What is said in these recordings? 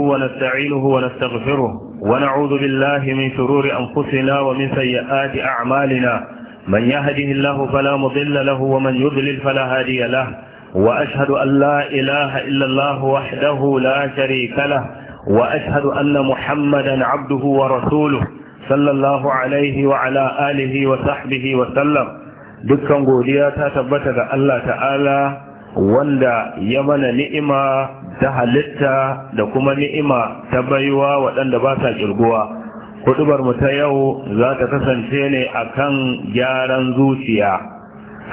ونستعينه ونستغفره ونعوذ بالله من شرور أنفسنا ومن سيئات أعمالنا من يهده الله فلا مضل له ومن يضلل فلا هادي له وأشهد أن لا إله إلا الله وحده لا شريك له وأشهد أن محمدا عبده ورسوله صلى الله عليه وعلى آله وصحبه وسلم دكا قوليا تتبت الله تعالى wanda ya mana ni'ima ta halitta da kuma ni'ima ta baiwa waɗanda ba sa kirguwa kudubar mu ta yau za ta kasance ne akan gyaran zuciya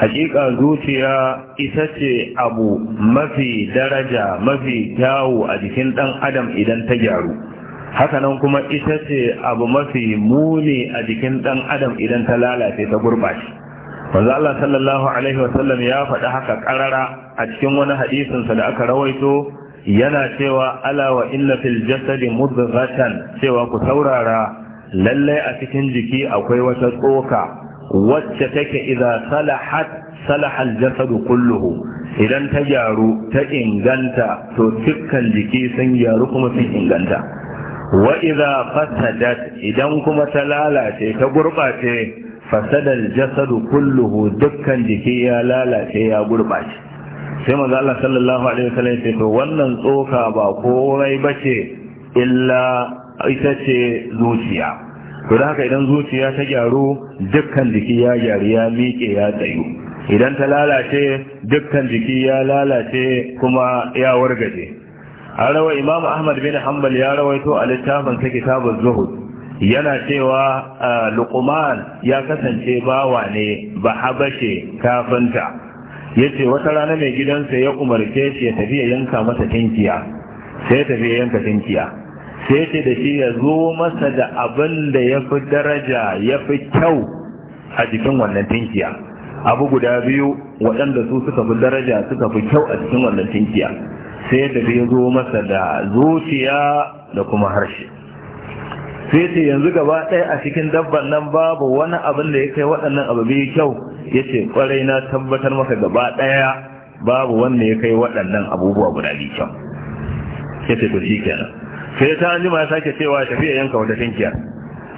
hakika zuciya ita ce abu mafi daraja mafi kyawu a jikin ɗan adam idan ta gyaru hakanan kuma ita ce abu mafi muni a jikin ɗan adam idan ta lalace ta gurɓace wanzu Allah sallallahu Alaihi wasallam ya faɗi haka ƙarara a cikin wani hadisinsa da aka rawaito yana cewa ala wa inna fil jasadi mudghatan cewa ku saurara lalle a cikin jiki akwai wata tsoka wacce take idza salahat salaha al jasadu kulluhu idan ta gyaru ta inganta to dukkan jiki sun gyaru kuma sun inganta wa idza fasadat idan kuma ta lalace ta gurbace fasadar jasadu kulluhu dukkan jiki ya lalace ya gurbace sai manzo Allah sallallahu alaihi wasallam ce to wannan tsoka ba komai bace illa ita ce zuciya to da haka idan zuciya ta gyaru dukkan jiki ya gyaru ya miƙe ya tsayu idan ta lalace dukkan jiki ya lalace kuma ya wargaje a rawa imam ahmad bin hanbal ya rawaito a littafin sa kitabuz zuhud yana cewa ah, luqman ya kasance bawa ne ba habashe kafinta ya ce wata rana mai gidansa ya umarce shi ya tafi yanka masa tinkiya sai ya tafi yanka tinkiya sai ce da shi ya zo masa da abin da ya fi daraja ya fi kyau a jikin wannan tinkiya abu guda biyu waɗanda su suka fi daraja suka fi kyau a cikin wannan tinkiya sai da ya zo masa da zuciya da kuma harshe sai ce yanzu gaba ɗaya a cikin dabban nan babu wani abin da ya kai waɗannan abu biyu kyau yace kwarai na tabbatar maka gaba daya babu wanda ya kai waɗannan abubuwa guda biyu kyau yace to shikenan sai ta jima ya sake cewa tafiya yanka wata tinkiya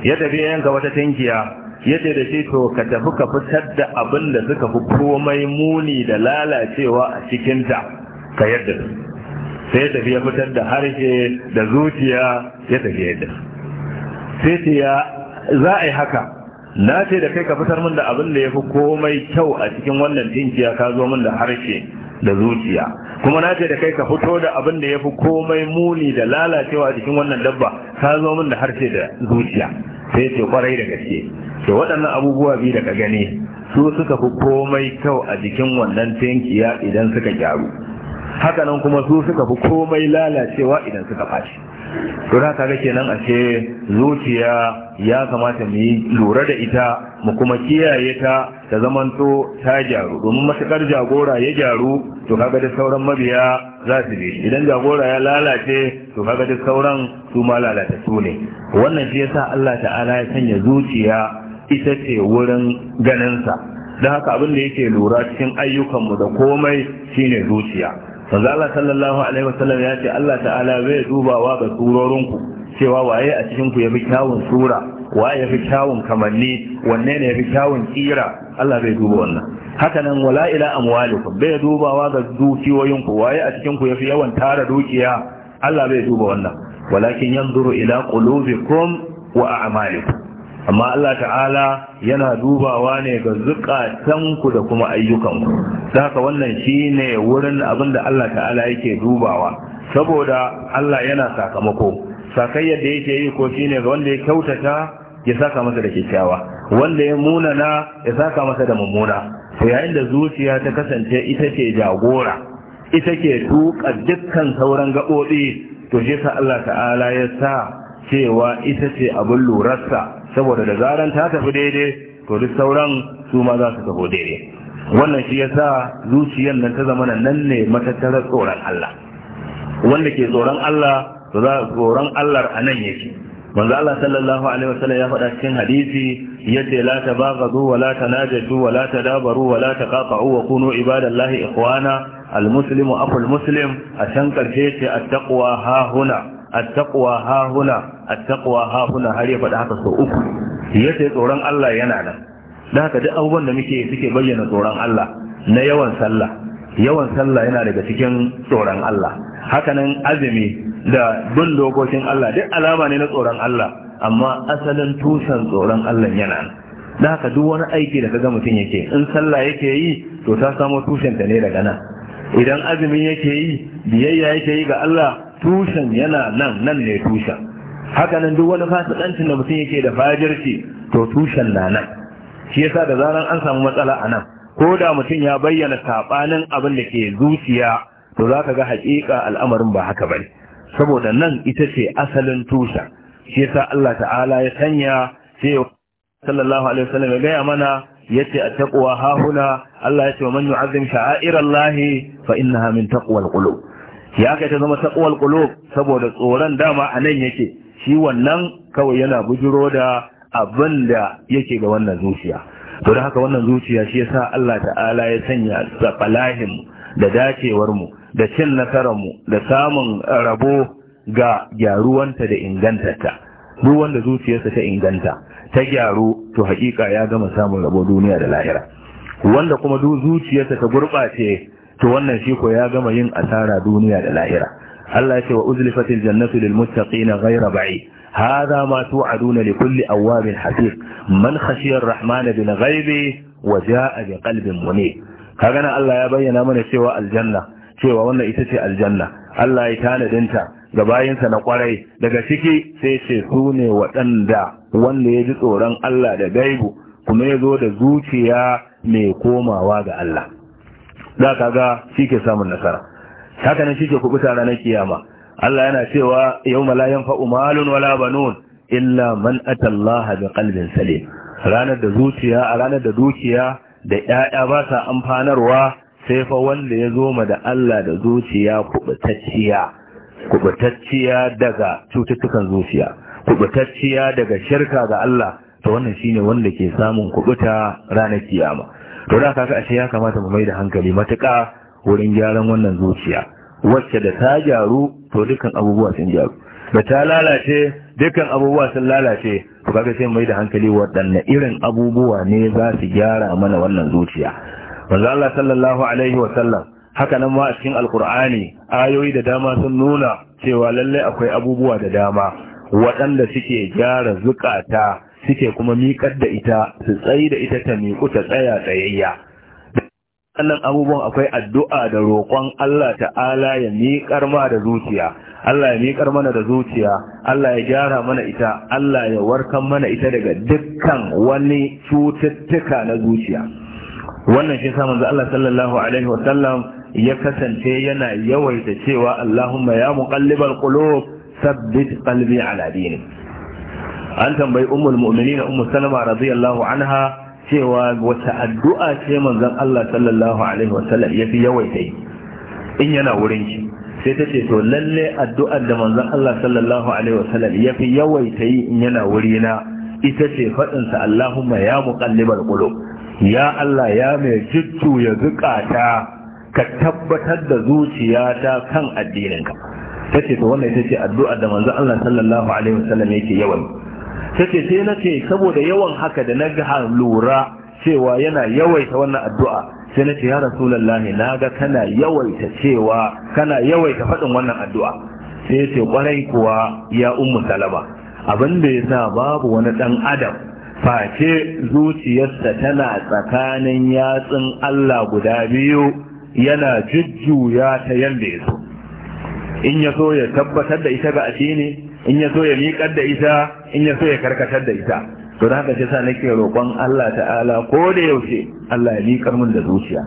ya tafiya yanka wata tinkiya yace da shi to ka tafi ka fitar da abin da suka fi komai muni da lalacewa a cikinta ka yadda sai tafi ya fitar da harshe da zuciya ya tafi yadda sai ya za a yi haka na ce da kai ka fitar min da abin da ya fi komai kyau a cikin wannan dinkiya ka zo min da harshe da zuciya kuma na ce da kai ka fito da abin da ya fi komai muni da lalacewa a cikin wannan dabba ka zo min da harshe da zuciya sai ce kwarai da gaske to waɗannan abubuwa biyu da ka gani su suka fi komai kyau a jikin wannan tinkiya idan suka gyaru hakanan kuma su suka fi komai lalacewa idan suka fashi to kaga kenan a ce zuciya ya kamata mu yi lura da ita mu kuma kiyaye ta ta zamanto ta gyaru domin matukar jagora ya gyaru to kaga da sauran mabiya za su bi idan jagora ya lalace to kaga da sauran su ma lalata su ne wannan shi yasa Allah ta'ala ya sanya zuciya ita ce wurin ganinsa don haka abin da yake lura cikin ayyukanmu da komai shine zuciya manzo Allah sallallahu alaihi wasallam ya ce Allah ta'ala bai dubawa ga surorinku cewa waye a cikin ku fi kyawun sura waye fi kyawun kamanni wanne ne yafi kyawun tsira Allah bai duba wannan haka nan wala ila amwalikum bai dubawa ga dukiyoyinku waye a cikin ku yafi yawan tara dukiya Allah bai duba wannan walakin yanzuru ila qulubikum wa a'malikum amma Allah ta'ala yana dubawa ne ga zukatanku da kuma ayyukanku haka wannan shine wurin abin da Allah ta'ala yake dubawa saboda Allah yana sakamako sakayyar da yake yi ko shine ga wanda ya kyautata ya saka masa da kyakkyawa wanda ya munana ya saka masa da mummuna to yayin da zuciya ta kasance ita ce jagora ita ke tuka dukkan sauran gaɓoɓi to shi sa Allah ta'ala ya sa cewa ita ce abin lurarsa saboda da zaren ta tafi daidai to duk sauran su ma za su tafi daidai wannan shi yasa zuciyar nan ta zama nan ne matattarar tsoron Allah wanda ke tsoron Allah to za tsoron Allah a nan yake manzo Allah sallallahu alaihi wasallam ya faɗa cikin hadisi yadda la tabaghadu wa la tanajatu wa la tadabaru wa la taqatu wa kunu ibadallahi ikhwana a a karshe ce ce taqwa ha huna attaqwa hahuna attaqwa hahuna har ya faɗi haka sau uku ya ce tsoron Allah yana nan da haka duk abubuwan da muke suke bayyana tsoron Allah na yawan sallah yawan sallah yana daga cikin tsoron Allah hakanan azumi da bin dokokin Allah duk alama ne na tsoron Allah amma asalin tushen tsoron Allah yana nan da haka duk wani aiki da kaga mutum yake in sallah yake yi to ta samo tushenta ne daga nan idan azumi yake yi biyayya yake yi ga Allah tushen yana nan nan ne tushen haka nan duk wani fasikancin da mutum yake da fajirci to tushen na nan shi yasa da zaran an samu matsala a nan ko da mutum ya bayyana sabanin abin da ke zuciya to za ka ga hakika al'amarin ba haka bane saboda nan ita ce asalin tushen shi yasa Allah ta'ala ya sanya sai sallallahu alaihi wasallam ya gaya mana yace at-taqwa hahuna Allah yace man yu'azzim sha'airallahi fa innaha min taqwal qulub ya kai ta zama taqwal kulob saboda tsoron dama a nan yake shi wannan kawai yana bujiro da abin da yake ga wannan zuciya to da haka wannan zuciya shi yasa Allah ta'ala ya sanya tsafalahin da dacewar mu da cin nasarar mu da samun rabo ga gyaruwanta da ingantarta duk wanda zuciyarsa ta inganta ta gyaru to hakika ya gama samun rabo duniya da lahira wanda kuma duk zuciyarsa ta gurɓace. to wannan shi ko ya gama yin asara duniya da lahira Allah ya ce wa uzlifatil jannatu lil muttaqina ghayra ba'i hadha ma tu'aduna li kulli awabin hafiz man khashiya arrahman rahman bil ghaibi wa jaa bi qalbin munib kaga nan Allah ya bayyana mana cewa aljanna cewa wannan ita ce aljanna Allah ya tanadinta ga bayinsa na kwarai daga ciki sai ce su ne waɗanda wanda ya ji tsoron Allah da gaibu kuma ya zo da zuciya mai komawa ga Allah da kaga shi ke samun nasara haka nan shi ke kubuta ranar kiyama Allah yana cewa yau malayan fa'u malun wala banun illa man atallaha bi qalbin salim ranar da zuciya a ranar da dukiya da 'ya'ya ba sa amfanarwa sai fa wanda ya zo ma da Allah da zuciya kubutacciya kubutacciya daga cututtukan zuciya kubutacciya daga shirka ga Allah to wannan shine wanda ke samun kubuta ranar kiyama to da kaga ashe ya kamata mu mai da hankali matuka wurin gyaran wannan zuciya wacce da ta gyaru to dukkan abubuwa sun gyaru da ta lalace dukkan abubuwa sun lalace to kaga sai mai da hankali waɗanne irin abubuwa ne za su gyara mana wannan zuciya manzo Allah sallallahu alaihi wa sallam haka nan ma a cikin alkur'ani ayoyi da dama sun nuna cewa lallai akwai abubuwa da dama waɗanda suke gyara zukata suke kuma miƙar da ita su tsayi da ita ta miƙu ta tsaya tsayayya sannan abubuwan akwai addu'a da roƙon Allah ta'ala ya miƙar ma da zuciya Allah ya miƙar mana da zuciya Allah ya gyara mana ita Allah ya warkar mana ita daga dukkan wani cututtuka na zuciya wannan shi sa manzo Allah sallallahu alaihi wasallam ya kasance yana yawaita cewa Allahumma ya muqallibal qulub sabbit qalbi ala dinik an tambayi ummul mu'minin ummu salama radiyallahu anha cewa wata addu'a ce manzon Allah sallallahu alaihi wa wasallam yafi yawaita in yana wurin ki sai ta ce to lalle addu'ar da manzon Allah sallallahu alaihi wa sallam- yafi yawaita yi in yana wurina ita ce faɗin sa Allahumma ya muqallibal qulub ya Allah ya mai jittu ya zukata ka tabbatar da zuciyata kan addininka ta ce to wannan ita ce addu'a da manzo Allah sallallahu alaihi wa wasallam yake yawan Sai sai na ce saboda yawan haka da na ga lura cewa yana yawaita wannan addu'a sai na ce ya rasulallahi na ga kana yawaita cewa kana yawaita faɗin wannan addu'a sai ce kwarai kuwa ya ummu salama abin da ya sa babu wani ɗan adam face zuciyarsa tana tsakanin yatsun Allah guda biyu yana jujjuya ta yadda ya so in ya so ya tabbatar da ita ga ashe ne in ya so ya miƙar da ita in ya so ya karkatar da ita to da haka yasa nake roƙon Allah ta'ala ko da yaushe Allah ya miƙar min da zuciya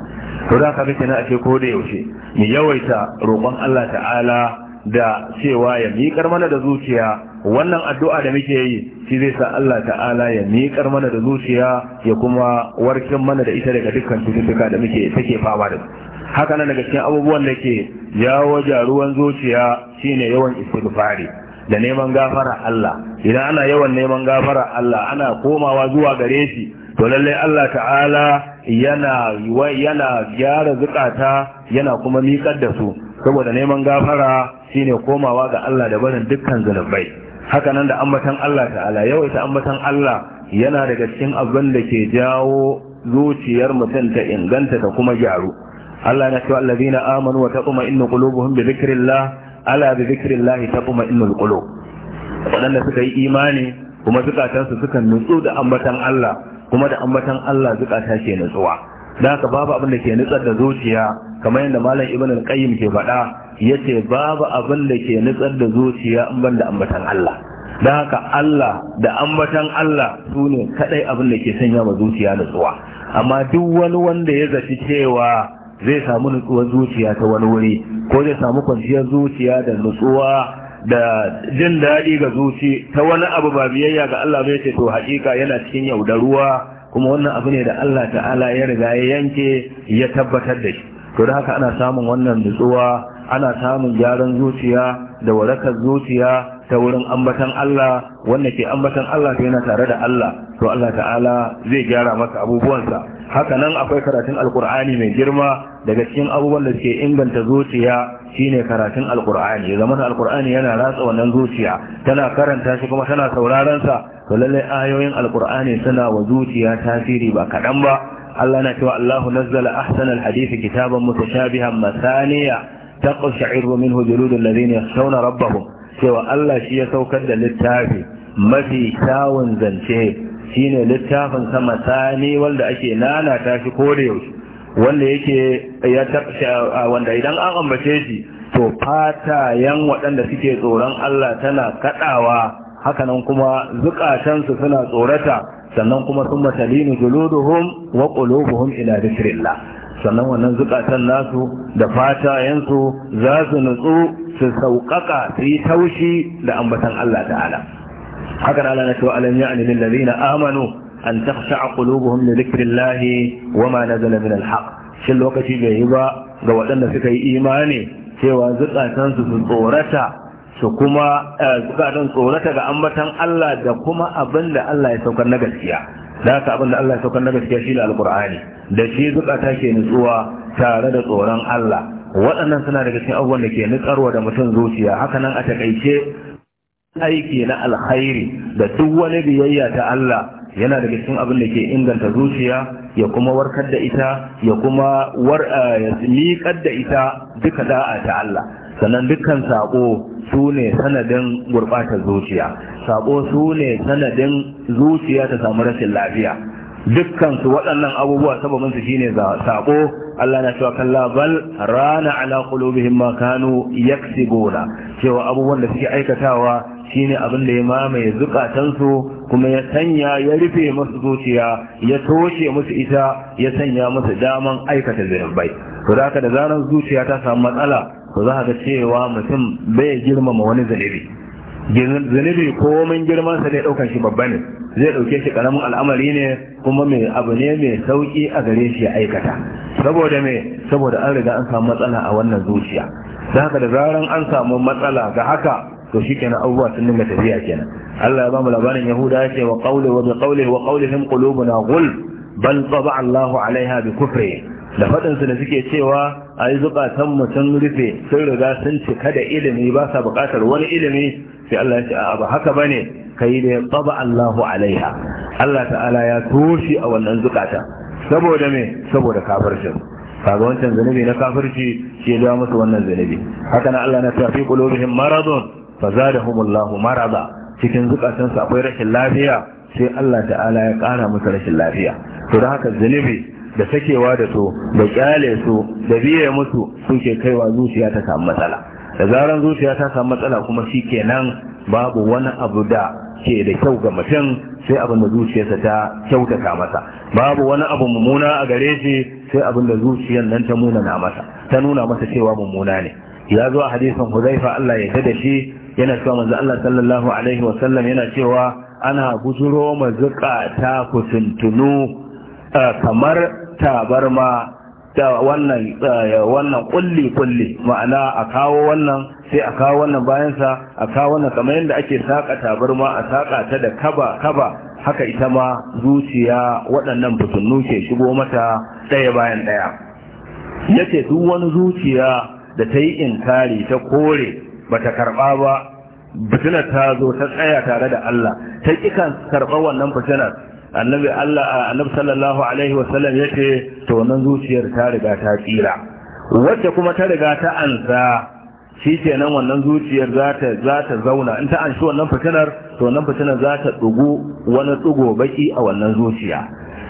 to da haka muke na ko da yaushe mu yawaita roƙon Allah ta'ala da cewa ya miƙar mana da zuciya wannan addu'a da muke yi shi zai sa Allah ta'ala ya miƙar mana da zuciya ya kuma warkin mana da ita daga dukkan cututtuka da muke take fama da haka nan daga cikin abubuwan da ke jawo jaruwan zuciya shine yawan istighfari da neman gafara Allah idan ana yawan neman gafara Allah ana komawa zuwa gare shi to lallai Allah ta'ala yana yana gyara zukata yana kuma miƙar da su saboda neman gafara shine komawa ga Allah da barin dukkan zunubai haka nan da ambatan Allah ta'ala yawaita ambatan Allah yana daga cikin abin da ke jawo zuciyar mutum ta inganta ta kuma gyaru Allah na cewa allazina amanu wa taqma innu qulubuhum bi dhikrillah ala bi zikrillahi taquma innul qulub wadanda suka yi imani kuma zukatansu suka nutsu da ambatan Allah kuma da ambatan Allah zukata ke nutsuwa dan haka babu abin da ke nutsar da zuciya kamar yadda malam ibn al-qayyim ke faɗa yace babu abin da ke nutsar da zuciya in ban da ambatan Allah da haka Allah da ambatan Allah sune kadai abin da ke sanya ma zuciya nutsuwa amma duk wani wanda ya zaci cewa zai samu nutsuwar zuciya ta wani wuri ko zai samu kwanciyar zuciya da nutsuwa da jin daɗi ga zuci ta wani abu ba biyayya ga Allah bai ce to haƙiƙa yana cikin yaudaruwa kuma wannan abu ne da Allah ta'ala ya riga ya yanke ya tabbatar da shi to da haka ana samun wannan nutsuwa ana samun gyaran zuciya da warakar zuciya ta wurin ambatan Allah wanda ke ambatan Allah ta yana tare da Allah to Allah ta'ala zai gyara masa abubuwansa haka nan akwai karatun alkur'ani mai girma daga cikin abubuwan da suke inganta zuciya shine karatun alkur'ani ya zama alkur'ani yana ratsa wannan zuciya tana karanta shi kuma tana sauraron sa to lallai ayoyin alkur'ani suna wa zuciya tasiri ba kaɗan ba Allah na cewa Allahu nazzala ahsanal hadisi kitaban mutashabihan masaniya taqsha'irru minhu juludul ladina yakhshawna rabbahum cewa Allah shi ya saukar da littafi mafi kyawun zance shine littafin sama sani wanda ake nana ta shi kore da wanda yake ya tafi wanda idan an ambace shi to fatayen waɗanda suke tsoron Allah tana kaɗawa hakanan kuma zukatansu suna tsorata sannan kuma sun matalinu juluduhum wa qulubuhum ila dhikrillah sannan wannan zukatan nasu da fatayensu za su nutsu su sauƙaƙa su yi taushi da ambatan Allah ta'ala haka Allah na cewa alam ya'ni lil ladina amanu an takhsha'a qulubuhum li dhikrillahi wama nazala min al-haq shin lokaci bai yi ba ga waɗanda suka yi imani cewa zukatan su tsorata su kuma eh, zukatan tsorata ga ambatan Allah da kuma abinda Allah ya saukar na gaskiya da haka abinda Allah ya saukar na gaskiya shi ne al alkur'ani da shi zukata ke nutsuwa tare da tsoron Allah waɗannan suna daga cikin abubuwan da ke nutsarwa da mutum zuciya haka nan a taƙaice aiki na alkhairi da duk wani biyayya ta Allah yana daga cikin abin da ke inganta zuciya ya kuma warkar da ita ya kuma war eh, miƙar da ita duka da'a ta Allah sannan dukkan saƙo sune sanadin gurɓatar zuciya Saƙo sune sanadin zuciya ta samu rashin lafiya dukkansu waɗannan abubuwa sababin su shine za sako Allah na cewa kalla bal rana ala qulubihim ma kanu yaksibuna cewa abubuwan da suke aikatawa shine abin da ya mamaye zukatansu kuma ya sanya ya rufe musu zuciya ya toshe musu ita ya sanya musu daman aikata zunubai to da da zaran zuciya ta samu matsala to za ga cewa mutum bai girmama wani zunubi zunubi ko mun girman sa zai daukan shi babba ne zai dauke shi karamin al'amari ne kuma mai abu ne mai sauki a gare shi ya aikata saboda me saboda an riga an samu matsala a wannan zuciya da haka da zaran an samu matsala ga haka to kenan abubuwa sun dinga tafiya kenan Allah ya ba mu labarin Yahuda yake wa qawli wa bi qawli wa qawlihim qulubuna ghul bal taba Allahu alaiha bi kufri da faɗinsu da suke cewa a yi zukatan mutum rufe sun riga sun cika da ilimi ba sa buƙatar wani ilimi sai Allah ya ce a ba haka ba ne ka yi da tsaba Allahu alaiha Allah ta'ala ya toshe a wannan zukata saboda me saboda kafircin kaga wancan zunubi na kafirci shi ya musu wannan zunubi haka na Allah na tafi qulubihim maradun zadahumullahu marada cikin su akwai rashin lafiya sai Allah ta'ala ya ƙara musu rashin lafiya to da haka zunubi da sakewa da su da kyale su da biye musu suke kaiwa zuciya ta samu matsala da zaran zuciya ta samu matsala kuma shi kenan babu wani abu da ke da kyau ga mutum sai abin da zuciyarsa ta kyautata masa babu wani abu mummuna a gare shi sai abin da zuciyar nan ta na masa ta nuna masa cewa mummuna ne ya zo a hadisin huzaifa Allah ya da shi yana cewa manzo Allah sallallahu alaihi wa sallam yana cewa ana guzuro ta kusuntunu eh, kamar tabarma da wannan eh, wannan kulli kulli ma'ana a kawo wannan sai a kawo wannan bayansa a kawo wannan kamar yadda ake saka tabarma a saka ta da kaba kaba haka ita ma zuciya waɗannan fitunnu ke shigo mata ɗaya bayan ɗaya yace duk wani zuciya da ta yi inkari ta kore bata karɓa ba fitinar ta zo ta tsaya tare da Allah ta ƙi kan karɓar wannan fitinar annabi Allah annabi sallallahu alaihi wasallam yace to wannan zuciyar ta riga ta tsira wacce kuma ta riga ta ansa shi kenan wannan zuciyar za ta za ta zauna in ta anshi wannan fitinar to wannan fitinar za ta dugu wani dugo baki a wannan zuciya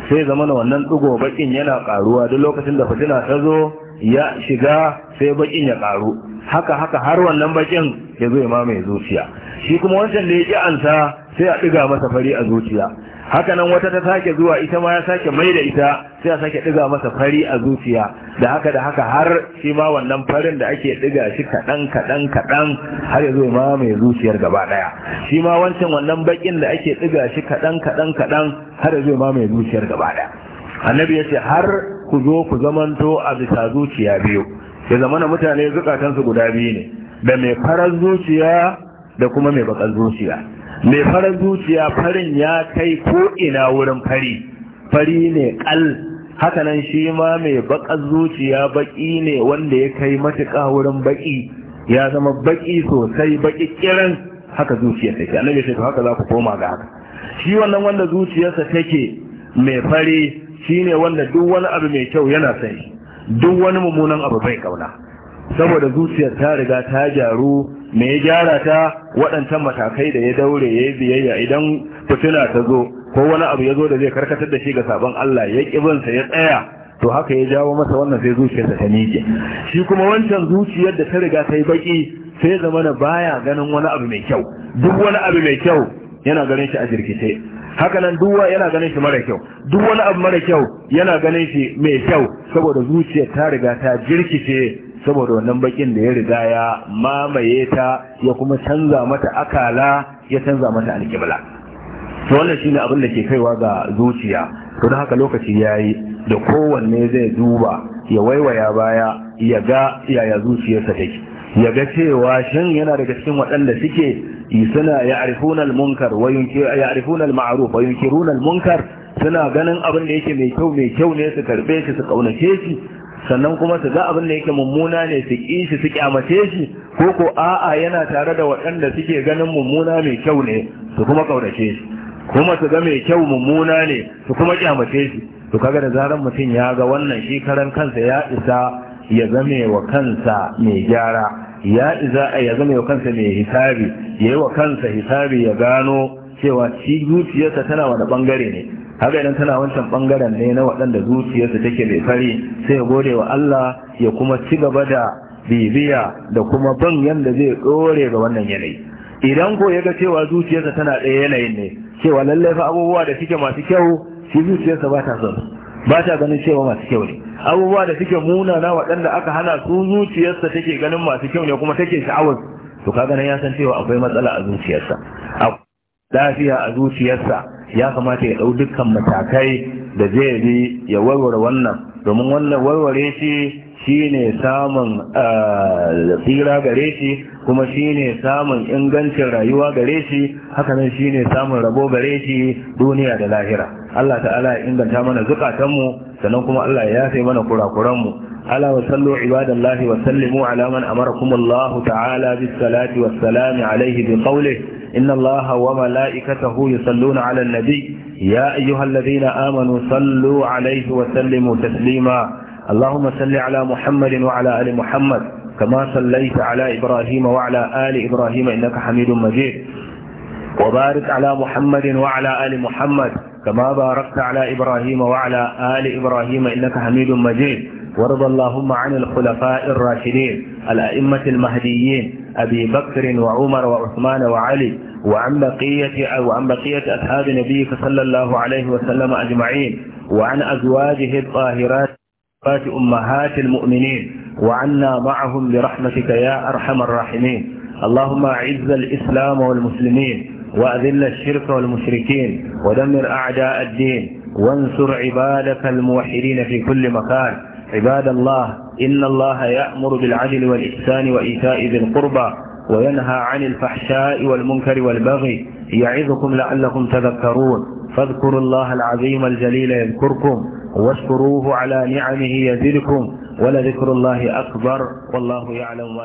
sai zama wannan dugo bakin yana karuwa duk lokacin da fitina ta zo ya shiga sai bakin ya karu haka haka har wannan bakin ya zo ya mamaye zuciya shi kuma wancan da ya ki ansa sai a ɗiga masa fari a zuciya haka nan wata ta sake zuwa ita ma ya sake mai da ita sai ya sake diga masa fari a zuciya da haka da haka har shi ma wannan farin da ake diga shi kaɗan kaɗan kaɗan har ya zo ma mai zuciyar gaba ɗaya shi ma wancan wannan bakin da ake diga shi kaɗan kaɗan kaɗan har ya zo ma mai zuciyar gaba ɗaya annabi ya ce har ku zo ku zamanto a bisa zuciya biyu ya zamana mutane zukatansu guda biyu ne da mai farar zuciya da kuma mai bakar zuciya mai farin zuciya farin ya kai ko ina wurin fari fari ne kal hakanan shi ma mai bakar zuciya baki ne wanda ya kai matuƙa wurin baki ya zama baki sosai baki kiran haka zuciya take annabi ce to haka za ku koma ga haka shi wannan wanda zuciyarsa take mai fari shine wanda duk wani abu mai kyau yana sai duk wani mummunan abu bai kauna saboda zuciyar ta riga ta jaru me ya gyara ta waɗancan matakai da ya daure ya yi biyayya idan fitina ta zo ko wani abu ya zo da zai karkatar da shi ga sabon Allah ya sa ya tsaya to haka ya jawo masa wannan sai zuciyarsa ta miƙe shi kuma wancan zuciyar da ta riga ta yi baƙi sai zama na baya ganin wani abu mai kyau duk wani abu mai kyau yana ganin shi a jirkice haka nan duwa yana ganin shi mara kyau duk wani abu mara kyau yana ganin shi mai kyau saboda zuciyar ta riga ta jirkice saboda wannan bakin da ya riga ya mamaye ta ya kuma canza mata akala ya canza mata alƙibla to wannan shine abin da ke kaiwa ga zuciya to don haka lokaci yayi da kowanne zai duba ya waiwaya baya ya ga yaya zuciyarsa take ya ga cewa shin yana daga cikin waɗanda suke suna ya'rifuna al-munkar wa ya'rifuna al-ma'ruf wa yunkiruna al-munkar suna ganin abin da yake mai kyau mai kyau ne su karbe shi su kaunace shi sannan kuma su ga abin da yake mummuna ne su ƙi shi su kyamace shi ko ko a'a yana tare da waɗanda suke ganin mummuna mai kyau ne su kuma ƙaunace shi kuma su ga mai kyau mummuna ne su kuma kyamace shi to kaga da zarar mutum ya ga wannan shi karan kansa ya isa ya zame wa kansa mai gyara ya isa ya zame wa kansa mai hisabi ya yi wa kansa hisabi ya gano cewa shi zuciyarsa tana wani bangare ne haka idan tana wancan bangaren ne na waɗanda zuciyarsa take mai fari sai ya gode wa Allah ya kuma ci gaba da bibiya da kuma ban yanda zai ɗore ga wannan yanayi idan ko ya ga cewa zuciyarsa tana ɗaya yanayin ne cewa lallai fa abubuwa da suke masu kyau shi zuciyarsa ba ta son ba ta ganin cewa masu kyau ne abubuwa da suke na waɗanda aka hana su zuciyarsa take ganin masu kyau ne kuma take sha'awar to kaga nan ya san cewa akwai matsala a zuciyarsa lafiya a zuciyarsa ya kamata ya ɗau dukkan matakai da zai bi ya warware wannan domin wannan warware shi shi ne samun tsira gare shi kuma shi ne samun ingancin rayuwa gare shi hakanan shi ne samun rabo gare shi duniya da lahira Allah ta'ala ya inganta mana zukatanmu sannan kuma Allah ya yafe mana kurakuranmu ala wa sallu ibadallahi wa sallimu ala man amarakum Allah ta'ala bis salati was bi qawlihi إن الله وملائكته يصلون على النبي يا أيها الذين آمنوا صلوا عليه وسلموا تسليما اللهم صل على محمد وعلى آل محمد كما صليت على إبراهيم وعلى آل إبراهيم إنك حميد مجيد وبارك على محمد وعلى آل محمد كما باركت على إبراهيم وعلى آل إبراهيم إنك حميد مجيد وارض اللهم عن الخلفاء الراشدين الأئمة المهديين أبي بكر وعمر وعثمان وعلي وعن بقية, وعن بقية أصحاب نبيك صلى الله عليه وسلم أجمعين وعن أزواجه الطاهرات أمهات المؤمنين وعنا معهم برحمتك يا أرحم الراحمين اللهم أعز الإسلام والمسلمين وأذل الشرك والمشركين ودمر أعداء الدين وانصر عبادك الموحدين في كل مكان عباد الله إن الله يأمر بالعدل والإحسان وإيتاء ذي القربى وينهى عن الفحشاء والمنكر والبغي يعظكم لعلكم تذكرون فاذكروا الله العظيم الجليل يذكركم واشكروه على نعمه يزدكم ولذكر الله أكبر والله يعلم